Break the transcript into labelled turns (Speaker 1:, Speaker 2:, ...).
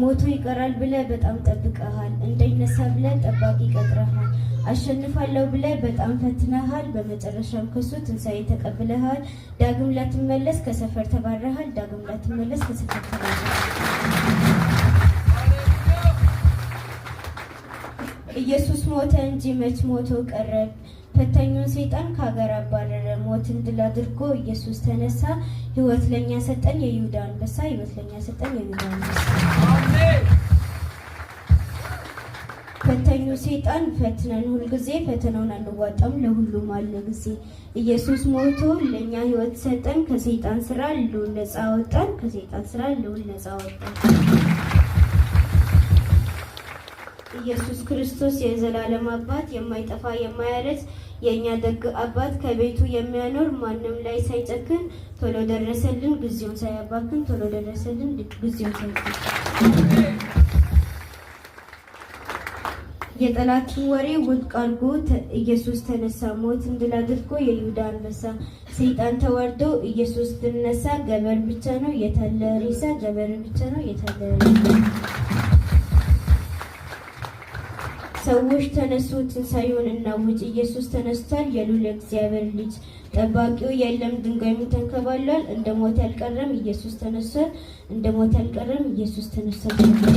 Speaker 1: ሞቶ ይቀራል ብለህ በጣም ጠብቀሃል። እንዳይነሳ ብለህ ጠባቂ ቀጥረሃል። አሸንፋለሁ ብለህ በጣም ፈትነሃል። በመጨረሻም ከሱ ትንሣኤ ተቀብለሃል። ዳግም ላትመለስ ከሰፈር ተባረሃል። ዳግም ላትመለስ ከሰፈር ተባረሃል። ኢየሱስ ሞተ እንጂ መች ሞቶ ቀረ። ፈታኙን ሰይጣን ከሀገር አባ ሞትን ድል አድርጎ ኢየሱስ ተነሳ፣ ህይወት ለኛ ሰጠን የይሁዳ አንበሳ፣ ህይወት ለኛ ሰጠን የይሁዳ አንበሳ። ፈተኙ ሴጣን ፈትነን ሁልጊዜ ፈተናውን አንዋጣም ለሁሉም አለ ጊዜ። ኢየሱስ ሞቶ ለእኛ ህይወት ሰጠን፣ ከሴጣን ስራ ልውን ነፃ ወጣን፣ ከሴጣን ስራ ልውን ነፃ ወጣን። ኢየሱስ ክርስቶስ የዘላለም አባት የማይጠፋ የማያረስ የእኛ ደግ አባት ከቤቱ የሚያኖር ማንም ላይ ሳይጨክን ቶሎ ደረሰልን ጊዜውን ሳያባክን ቶሎ ደረሰልን ጊዜውን ሳያባክን የጠላቱ ወሬ ውድቅ አድርጎ ኢየሱስ ተነሳ። ሞትን ድል አድርጎ የይሁዳ አንበሳ ሰይጣን ተወርዶ ኢየሱስ ድል ነሳ። ገበር ብቻ ነው የታለ ሬሳ፣ ገበር ብቻ ነው የታለ ሬሳ። ሰዎች ተነሱ፣ ትንሣኤውን እናውጅ፣ ኢየሱስ ተነስቷል፣ የሉል እግዚአብሔር ልጅ። ጠባቂው የለም፣ ድንጋዩም ተንከባሏል፣ እንደ ሞት አልቀረም፣ ኢየሱስ ተነስቷል፣ እንደ ሞት ኢየሱስ ተነስቷል።